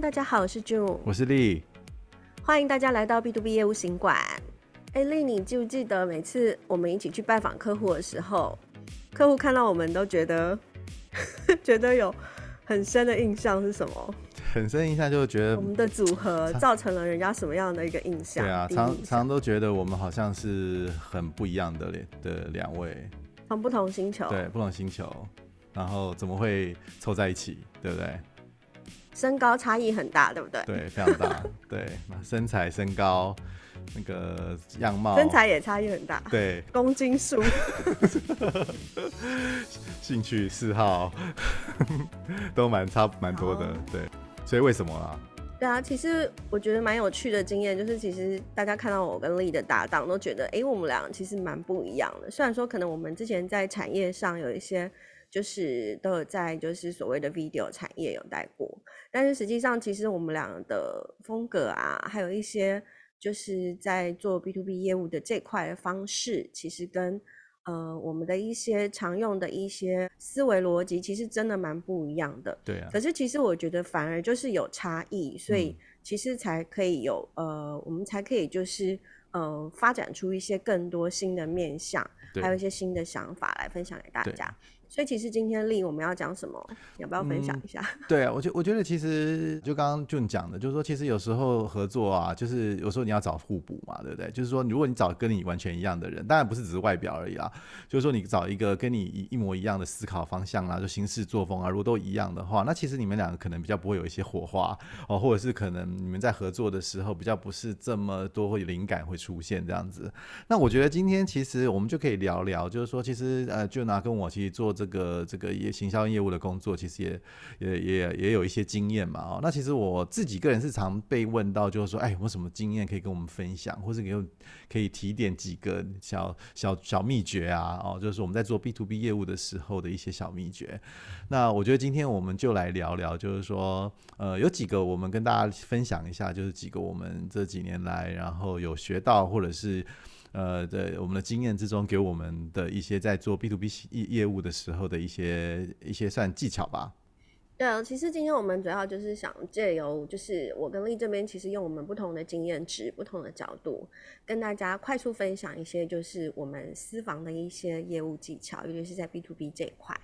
大家好，是我是 June 我是麗，歡迎大家來到 B to B 業務行館。哎、欸，麗，你記不記得每次我們一起去拜訪客戶的時候，客戶看到我們都覺得呵呵覺得有很深的印象是什麼？很深的印象就是覺得我們的組合造成了人家什麼樣的一個印象？對啊，常常都覺得我們好像是很不一樣的嘞的兩位，從不同星球，對，不同星球，然後怎麼會湊在一起，對不對？身高差異很大，對不對？對，非常大。對， 身材、身高、那個樣貌，身材也差異很大。對，公斤數、 興趣、嗜好都蠻差蠻多的。Oh. 對，所以為什麼啊？對啊，其實我覺得蠻有趣的經驗，就是其實大家看到我跟 Li 的搭檔都覺得，哎，我們倆其實蠻不一樣的。雖然說可能我們之前在產業上有一些，就是都有在就是所謂的 video 產業有待過。但是實際上，其實我們倆的風格啊，還有一些就是在做 B2B 業務的這塊的方式，其實跟呃我們的一些常用的一些思維邏輯，其實真的蠻不一樣的。對啊。可是其實我覺得反而就是有差異，所以其實才可以有、嗯、呃，我們才可以就是呃發展出一些更多新的面向，對還有一些新的想法來分享給大家。所以其實今天 Li 我們要講什麼，要不要分享一下？嗯、對啊，我覺我覺得其實就剛剛 June 講的，就是說其實有時候合作啊，就是有時候你要找互補嘛，對不對？就是說如果你找跟你完全一樣的人，當然不是只是外表而已啊，就是說你找一個跟你一模一樣的思考方向啦，就行事作風啊，如果都一樣的話，那其實你們兩個可能比較不會有一些火花哦，或者是可能你們在合作的時候比較不是這麼多靈感會出現這樣子。那我覺得今天其實我們就可以聊聊，就是說其實呃，就 June 啊跟我其實做這個。這個這個也行銷業務的工作，其實也也也也有一些經驗嘛，哦，那其實我自己個人是常被問到，就是說，哎，我什麼經驗可以跟我們分享，或是給我可以提點幾個小小小秘訣啊，哦，就是我們在做 B to B 業務的時候的一些小秘訣。那我覺得今天我們就來聊聊，就是說，呃，有幾個我們跟大家分享一下，就是幾個我們這幾年來然後有學到或者是。呃，對，我們的經驗之中，給我們的一些在做 B to B 業業務的時候的一些一些算技巧吧。對，其實今天我們主要就是想借由，就是我跟麗這邊，其實用我們不同的經驗值、不同的角度，跟大家快速分享一些，就是我們私房的一些業務技巧，尤其是在 B to B 這一塊。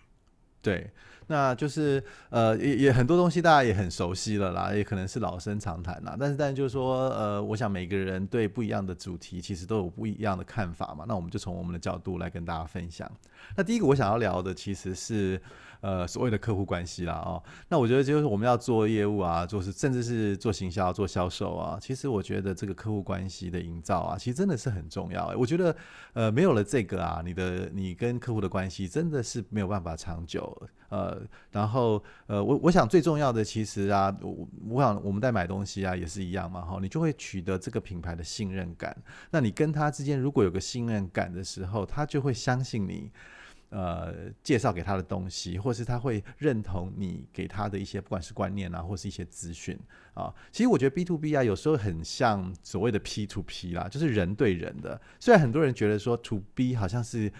對，那就是呃，也也很多東西大家也很熟悉了啦，也可能是老生常談啦。但是，但是就是說，呃，我想每個人對不一樣的主題其實都有不一樣的看法嘛。那我們就從我們的角度來跟大家分享。那第一個我想要聊的其實是。呃，所謂的客戶關係啦，哦，那我覺得就是我們要做業務啊，就是甚至是做行銷、做銷售啊，其實我覺得這個客戶關係的營造啊，其實真的是很重要欸。我覺得，呃，沒有了這個啊，你的你跟客戶的關係真的是沒有辦法長久。呃，然後呃，我我想最重要的其實啊，我我想我們在買東西啊也是一樣嘛，哈哦，你就會取得這個品牌的信任感。那你跟他之間如果有個信任感的時候，他就會相信你。呃，介紹給他的東西，或是他會認同你給他的一些，不管是觀念啊，或是一些資訊啊、哦。其實我覺得 B to B 啊，有時候很像所謂的 P to P 啦，就是人對人的。雖然很多人覺得說 To B 好像是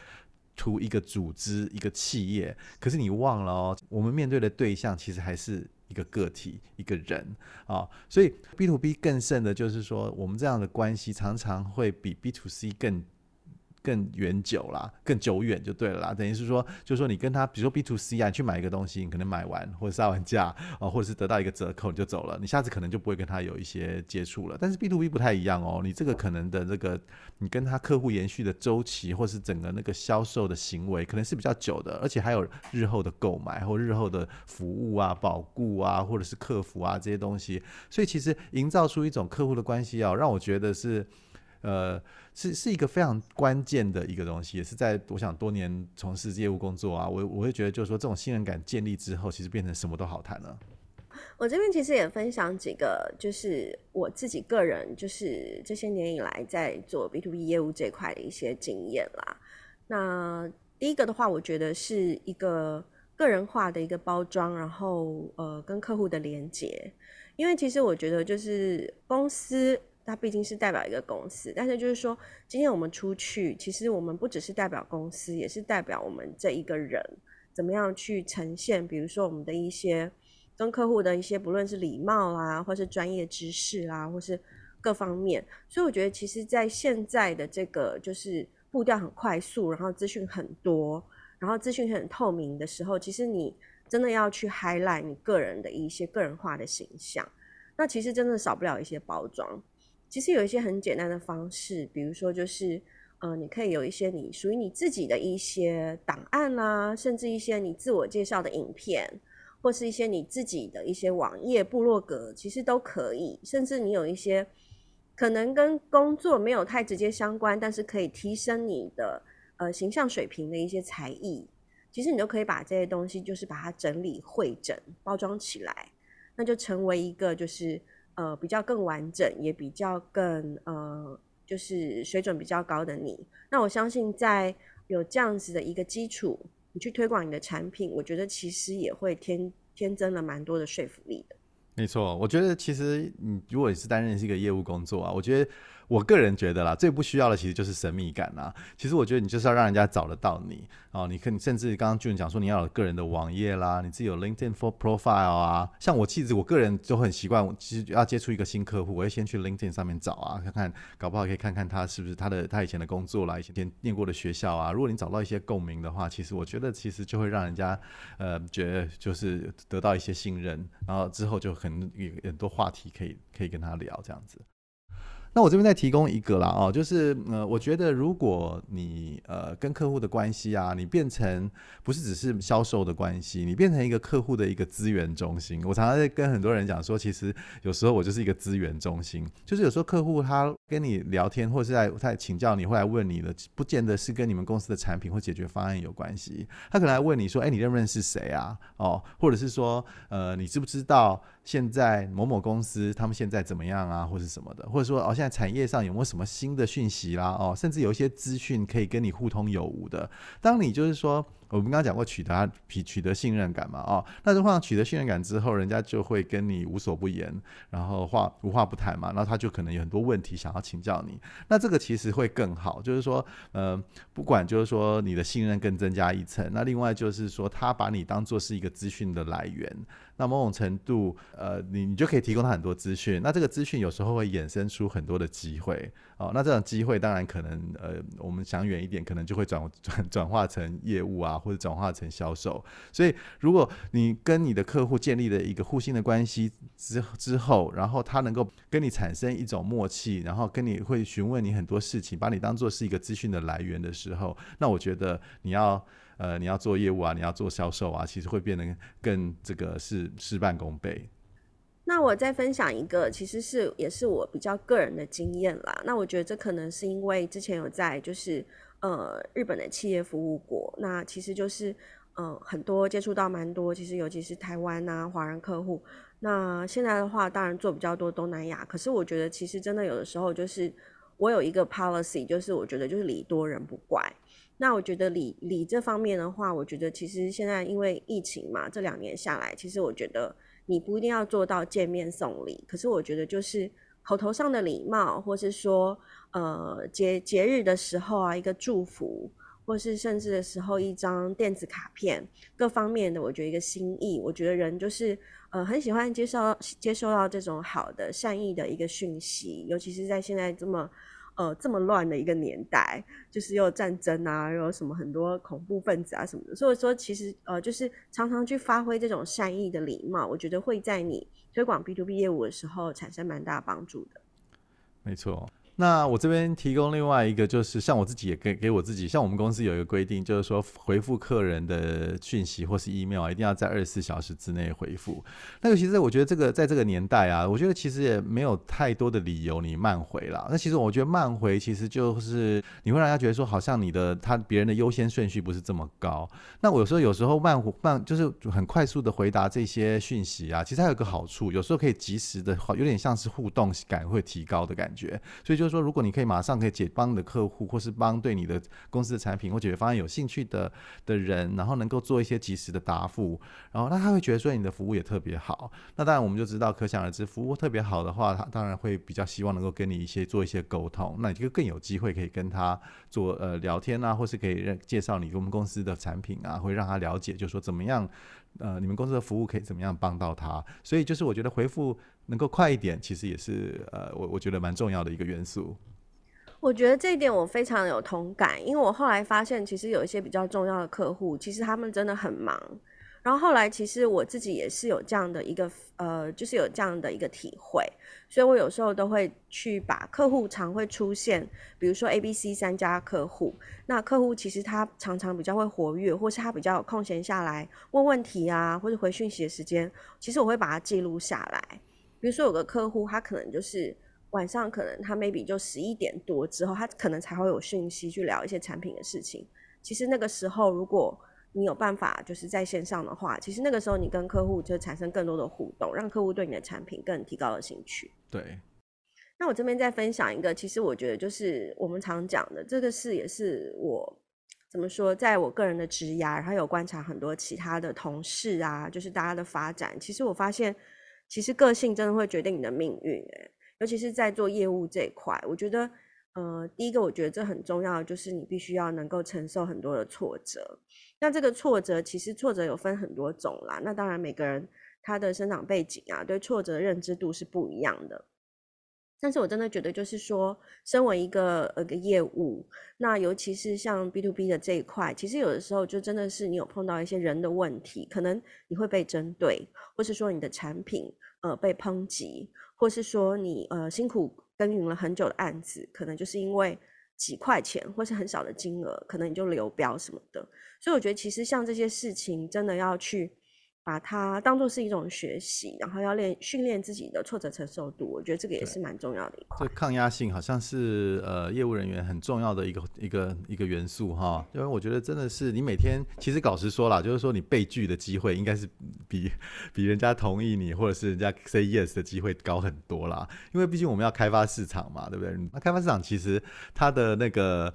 圖一個組織、一個企業，可是你忘了哦，我們面對的對象其實還是一個個體、一個人啊、哦。所以 B to B 更甚的，就是說我們這樣的關係常常會比 B to C 更。更遠久啦，更久遠就對了啦。等於是說，就是說你跟他，比如說 B to C 啊，你去買一個東西，你可能買完或者殺完價啊、哦，或者是得到一個折扣你就走了，你下次可能就不會跟他有一些接觸了。但是 B to B 不太一樣哦，你這個可能的這個，你跟他客戶延續的週期，或是整個那個銷售的行為，可能是比較久的，而且還有日後的購買或日後的服務啊、保固啊，或者是客服啊這些東西，所以其實營造出一種客戶的關係啊、哦，讓我覺得是。呃，是是一個非常關鍵的一個東西，也是在我想多年從事業務工作啊，我我會覺得就是說這種信任感建立之後，其實變成什麼都好談了啊。我這邊其實也分享幾個，就是我自己個人，就是這些年以來在做 B to B 業務這一塊的一些經驗啦。那第一個的話，我覺得是一個個人化的一個包裝，然後呃，跟客戶的連接，因為其實我覺得就是公司。它畢竟是代表一個公司，但是就是說，今天我們出去，其實我們不只是代表公司，也是代表我們這一個人，怎麼樣去呈現？比如說我們的一些跟客戶的一些，不論是禮貌啊，或是專業知識啊，或是各方面。所以我覺得，其實，在現在的這個就是步調很快速，然後資訊很多，然後資訊很透明的時候，其實你真的要去 highlight 你個人的一些個人化的形象，那其實真的少不了一些包裝。其實有一些很簡單的方式，比如說就是，嗯、呃，你可以有一些你屬於你自己的一些檔案啦、啊，甚至一些你自我介紹的影片，或是一些你自己的一些網頁、部落格，其實都可以。甚至你有一些可能跟工作沒有太直接相關，但是可以提升你的呃形象水平的一些才藝，其實你都可以把這些東西，就是把它整理、匯整、包裝起來，那就成為一個就是。呃，比較更完整，也比較更呃，就是水準比較高的你。那我相信，在有這樣子的一個基礎，你去推廣你的產品，我覺得其實也會添添增了蠻多的說服力的。沒錯，我覺得其實你如果你是擔任是一個業務工作啊，我覺得。我個人覺得啦，最不需要的其實就是神秘感啦。其實我覺得你就是要讓人家找得到你哦。你可以甚至剛剛 June 講說你要有個人的網頁啦，你自己有 LinkedIn for profile 啊。像我其實，我個人就很習慣，我其實要接觸一個新客戶，我會先去 LinkedIn 上面找啊，看看搞不好可以看看他是不是他的他以前的工作啦，以前念過的學校啊。如果你找到一些共鳴的話，其實我覺得其實就會讓人家呃覺得就是得到一些信任，然後之後就很有很多話題可以可以跟他聊這樣子。那我這邊再提供一個啦，哦，就是，呃，我覺得如果你呃跟客戶的關係啊，你變成不是只是銷售的關係，你變成一個客戶的一個資源中心。我常常在跟很多人講說，其實有時候我就是一個資源中心，就是有時候客戶他跟你聊天或者是在在請教你，你會來問你的，不見得是跟你們公司的產品或解決方案有關係。他可能來問你說，哎，你認不認識誰啊？哦，或者是說，呃，你知不知道？現在某某公司他們現在怎麼樣啊，或是什麼的，或者說哦，現在產業上有沒有什麼新的訊息啦？哦，甚至有一些資訊可以跟你互通有無的。當你就是說，我們剛剛講過，取得取取得信任感嘛，哦，那如果取得信任感之後，人家就會跟你無所不言，然後話無話不談嘛，那他就可能有很多問題想要請教你。那這個其實會更好，就是說，呃，不管就是說你的信任更增加一層，那另外就是說，他把你當做是一個資訊的來源。那某種程度，呃，你你就可以提供他很多資訊。那這個資訊有時候會衍生出很多的機會，哦，那這種機會當然可能，呃，我們想遠一點，可能就會轉轉轉化成業務啊，或者轉化成銷售。所以，如果你跟你的客戶建立了一個互信的關係之之後，然後他能夠跟你產生一種默契，然後跟你會詢問你很多事情，把你當做是一個資訊的來源的時候，那我覺得你要。呃，你要做業務啊，你要做銷售啊，其實會變得更這個是事半功倍。那我再分享一個，其實是也是我比較個人的經驗啦。那我覺得這可能是因為之前有在就是呃日本的企業服務過，那其實就是嗯、呃、很多接觸到蠻多，其實尤其是台灣啊華人客戶。那現在的話，當然做比較多東南亞，可是我覺得其實真的有的時候就是。我有一個 policy，就是我覺得就是禮多人不怪。那我覺得禮禮這方面的話，我覺得其實現在因為疫情嘛，這兩年下來，其實我覺得你不一定要做到見面送禮，可是我覺得就是口頭上的禮貌，或是說呃節節日的時候啊一個祝福，或是甚至的時候一張電子卡片，各方面的我覺得一個心意，我覺得人就是。呃，很喜歡接受接收到這種好的善意的一個訊息，尤其是在現在這麼呃這麼亂的一個年代，就是有戰爭啊，有什麼很多恐怖分子啊什麼的。所以說，其實呃，就是常常去發揮這種善意的禮貌，我覺得會在你推廣 B to B 業務的時候產生蠻大幫助的。沒錯。那我這邊提供另外一個，就是像我自己也給給我自己，像我們公司有一個規定，就是說回復客人的訊息或是 email 一定要在二十四小時之內回復。那個其實我覺得這個在這個年代啊，我覺得其實也沒有太多的理由你慢回啦。那其實我覺得慢回其實就是你會讓人家覺得說好像你的他別人的優先順序不是這麼高。那我有時候有時候慢慢就是很快速的回答這些訊息啊，其實還有個好處，有時候可以及時的，好有點像是互動感會提高的感覺，所以就是。所以說，如果你可以馬上可以解幫你的客戶，或是幫對你的公司的產品或解決方案有興趣的的人，然後能夠做一些及時的答覆，然後那他會覺得說你的服務也特別好。那當然我們就知道，可想而知，服務特別好的話，他當然會比較希望能夠跟你一些做一些溝通。那你就更有機會可以跟他做呃聊天啊，或是可以介紹你跟我們公司的產品啊，會讓他了解，就是說怎麼樣。呃，你們公司的服務可以怎麼樣幫到他？所以就是我覺得回復能夠快一點，其實也是呃，我我覺得蠻重要的一個元素。我覺得這一點我非常有同感，因為我後來發現，其實有一些比較重要的客戶，其實他們真的很忙。然後後來，其實我自己也是有這樣的一個，呃，就是有這樣的一個體會，所以我有時候都會去把客戶常會出現，比如說 A、B、C 三家客戶，那客戶其實他常常比較會活躍，或是他比較有空閒下來問問題啊，或者回訊息的時間，其實我會把它記錄下來。比如說有個客戶，他可能就是晚上，可能他 maybe 就十一點多之後，他可能才會有訊息去聊一些產品的事情。其實那個時候，如果你有辦法，就是在線上的話，其實那個時候你跟客戶就產生更多的互動，讓客戶對你的產品更提高了興趣。對。那我這邊再分享一個，其實我覺得就是我們常講的這個事，也是我怎麼說，在我個人的職涯，然後有觀察很多其他的同事啊，就是大家的發展，其實我發現，其實個性真的會決定你的命運，欸，尤其是在做業務這一塊，我覺得。呃，第一個我覺得這很重要，就是你必須要能夠承受很多的挫折。那這個挫折其實挫折有分很多種啦。那當然每個人他的生長背景啊，對挫折認知度是不一樣的。但是我真的覺得就是說，身為一個呃個業務，那尤其是像 B to B 的這一塊，其實有的時候就真的是你有碰到一些人的問題，可能你會被針對，或是說你的產品呃被抨擊，或是說你呃辛苦。耕耘了很久的案子，可能就是因為幾塊錢或是很少的金額，可能你就流標什麼的。所以我覺得，其實像這些事情，真的要去，把它當做是一種學習，然後要練訓練自己的挫折承受度，我覺得這個也是蠻重要的一塊。這個、抗壓性好像是呃業務人員很重要的一個一個一個元素哈，因為我覺得真的是你每天其實搞實說啦，就是說你被拒的機會應該是比比人家同意你或者是人家 say yes 的機會高很多啦，因為畢竟我們要開發市場嘛，對不對？那開發市場其實它的那個。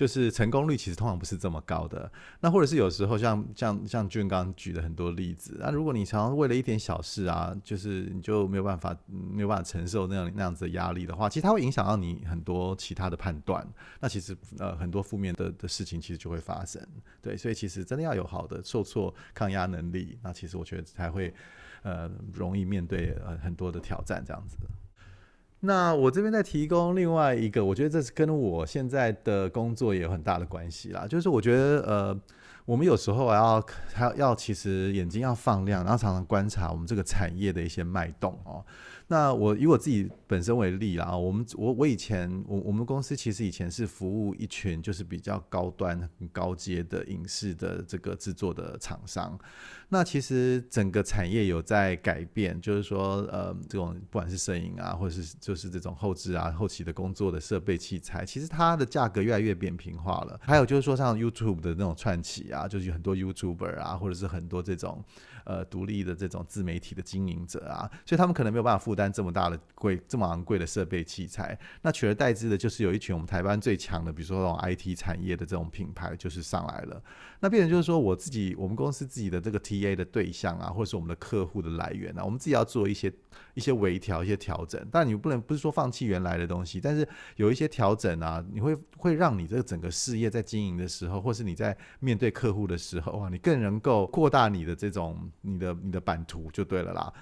就是成功率其實通常不是這麼高的，那或者是有時候像像像 June 剛舉的很多例子，那、啊、如果你常常為了一點小事啊，就是你就沒有辦法沒有辦法承受那樣那樣子的壓力的話，其實它會影響到你很多其他的判斷，那其實呃很多負面的的事情其實就會發生，對，所以其實真的要有好的受挫抗壓能力，那其實我覺得才會呃容易面對很多的挑戰這樣子。那我這邊再提供另外一個，我覺得這是跟我現在的工作也有很大的關係啦。就是我覺得，呃，我們有時候要還要其實眼睛要放亮，然後常常觀察我們這個產業的一些脈動哦、喔。那我以我自己本身為例啦、啊，我們我我以前我我們公司其實以前是服務一群就是比較高端、很高階的影視的這個製作的廠商。那其實整個產業有在改變，就是說，呃，這種不管是攝影啊，或者是就是這種後製啊、後期的工作的設備器材，其實它的價格越來越扁平化了。還有就是說，像 YouTube 的那種串起啊，就是有很多 YouTuber 啊，或者是很多這種。呃，獨立的這種自媒體的經營者啊，所以他們可能沒有辦法負擔這麼大的貴、這麼昂貴的設備器材。那取而代之的，就是有一群我們台灣最強的，比如說這種 IT 產業的這種品牌，就是上來了。那變成就是說，我自己我們公司自己的這個 TA 的對象啊，或者是我們的客戶的來源啊，我們自己要做一些一些微調、一些調整。但你不能不是說放棄原來的東西，但是有一些調整啊，你會會讓你這個整個事業在經營的時候，或是你在面對客戶的時候，哇，你更能夠擴大你的這種。你的你的版圖就對了啦，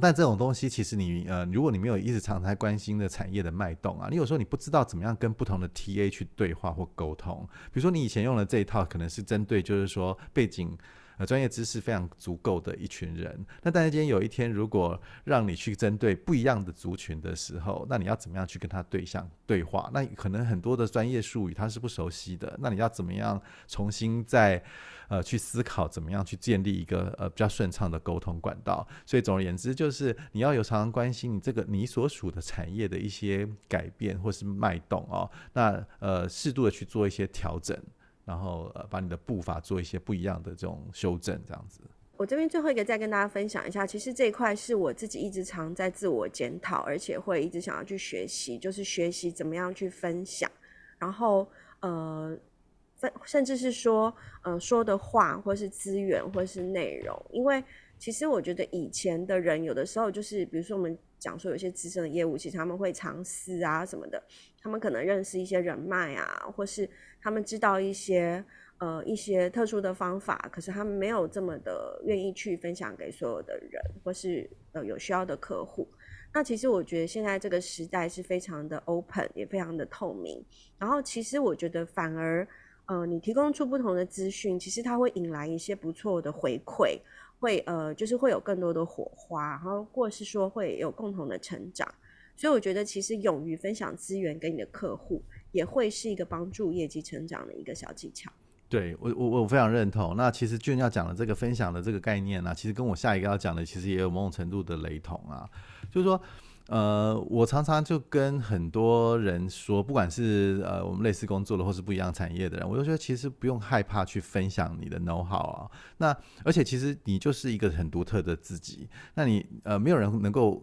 但這種東西其實你呃，如果你沒有一直常常在關心的產業的脈動啊，你有時候你不知道怎麼樣跟不同的 TA 去對話或溝通。比如說你以前用的這一套，可能是針對就是說背景。呃，專業知識非常足夠的一群人，那但是今天有一天，如果讓你去針對不一樣的族群的時候，那你要怎麼樣去跟他對象對話？那可能很多的專業術語他是不熟悉的，那你要怎麼樣重新再呃去思考，怎麼樣去建立一個呃比較順暢的溝通管道？所以總而言之，就是你要有常常關心你這個你所屬的產業的一些改變或是脈動哦，那呃適度的去做一些調整。然後呃，把你的步伐做一些不一樣的這種修正，這樣子。我這邊最後一個再跟大家分享一下，其實這一塊是我自己一直常在自我檢討，而且會一直想要去學習，就是學習怎麼樣去分享，然後呃，分甚至是說呃說的話，或是資源，或是內容，因為。其實我覺得以前的人有的時候就是，比如說我們講說有些資深的業務，其實他們會藏私啊什麼的，他們可能認識一些人脈啊，或是他們知道一些呃一些特殊的方法，可是他們沒有這麼的願意去分享給所有的人，或是呃有需要的客戶。那其實我覺得現在這個時代是非常的 open，也非常的透明。然後其實我覺得反而呃你提供出不同的資訊，其實它會引來一些不錯的回饋。會呃，就是會有更多的火花，然後或是說會有共同的成長，所以我覺得其實勇於分享資源給你的客戶，也會是一個幫助業績成長的一個小技巧。對我，我我非常認同。那其實 June 要講的這個分享的這個概念呢、啊，其實跟我下一個要講的其實也有某種程度的雷同啊，就是說。呃，我常常就跟很多人說，不管是呃我們類似工作的，或是不一樣產業的人，我就覺得其實不用害怕去分享你的 know how 啊、哦。那而且其實你就是一個很獨特的自己，那你呃沒有人能夠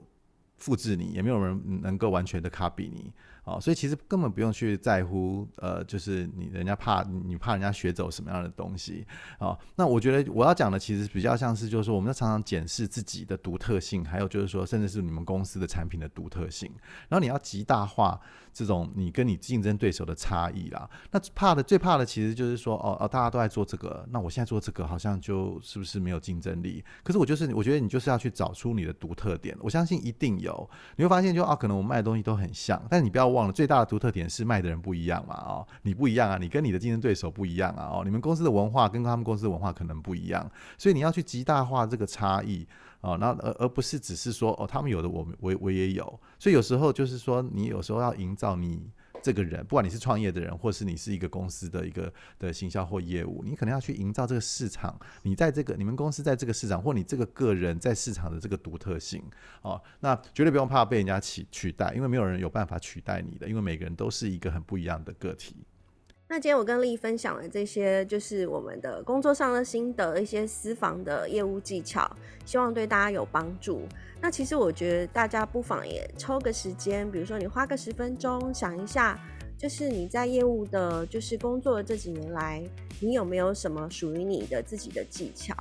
複製你，也沒有人能夠完全的 copy 你。哦，所以其實根本不用去在乎，呃，就是你人家怕你怕人家學走什麼樣的東西啊？那我覺得我要講的其實比較像是，就是說我們要常常檢視自己的獨特性，還有就是說，甚至是你們公司的產品的獨特性。然後你要極大化這種你跟你競爭對手的差異啦。那怕的最怕的其實就是說，哦哦，大家都在做這個，那我現在做這個好像就是不是沒有競爭力？可是我就是我覺得你就是要去找出你的獨特點，我相信一定有。你會發現就啊，可能我們賣的東西都很像，但你不要。忘了最大的獨特點是賣的人不一樣嘛？哦，你不一樣啊，你跟你的競爭對手不一樣啊！哦，你們公司的文化跟他們公司的文化可能不一樣，所以你要去極大化這個差異哦，那而而不是只是說哦，他們有的，我我我也有，所以有時候就是說，你有時候要營造你。這個人，不管你是創業的人，或是你是一個公司的一個的行銷或業務，你可能要去營造這個市場，你在這個你們公司在這個市場，或你這個個人在市場的這個獨特性，哦，那絕對不用怕被人家取取代，因為沒有人有辦法取代你的，因為每個人都是一個很不一樣的個體。那今天我跟麗麗分享了這些，就是我們的工作上的心得，一些私房的業務技巧，希望對大家有幫助。那其實我覺得大家不妨也抽個時間，比如說你花個十分鐘想一下，就是你在業務的，就是工作的這幾年來，你有沒有什麼屬於你的自己的技巧？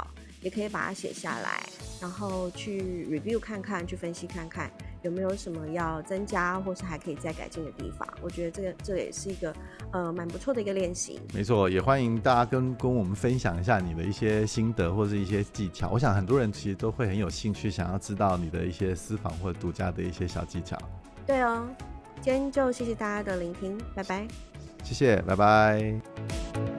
也可以把它寫下來，然後去 review 看看，去分析看看有沒有什麼要增加，或是還可以再改進的地方。我覺得這個這個也是一個呃蠻不錯的一個練習。沒錯，也歡迎大家跟跟我們分享一下你的一些心得或是一些技巧。我想很多人其實都會很有興趣，想要知道你的一些私房或獨家的一些小技巧。對哦，今天就謝謝大家的聆聽，拜拜。謝謝，拜拜。